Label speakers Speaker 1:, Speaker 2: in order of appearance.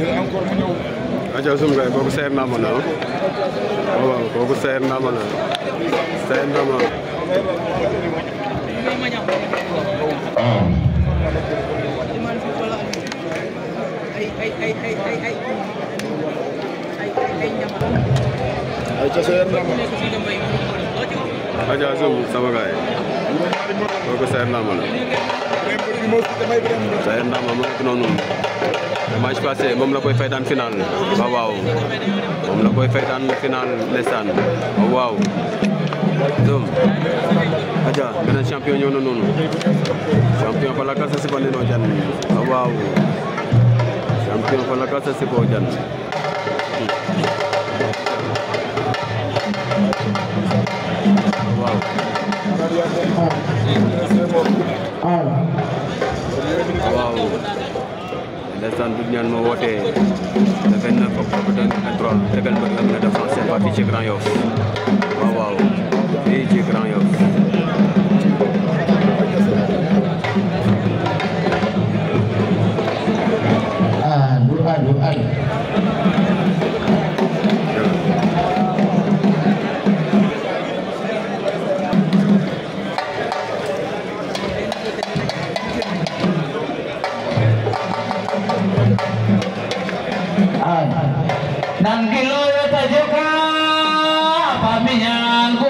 Speaker 1: dina encore mu ñëw
Speaker 2: aca sum kay kooku seer na ma na waaw kooku seer na ma na seer na ma aca seer na ma aca sum sama kay kooku seer na
Speaker 3: ma na
Speaker 1: Sayer
Speaker 3: Ndamba mu nekk noonu match passé moom la koy fay daan final waaw waaw moom la koy fay daan final ndeysaan waaw doom aja beneen champion noonu champion fa la si fa nenoo waaw champion fa la si foo jan
Speaker 4: l'instant du ñaan mo woté le 29 octobre 2023 tégal bëgg la mëna def français parti ci grand yoff waaw waaw fi grand yoff ah nur ad nur
Speaker 1: dan kilo itu juga pamian ku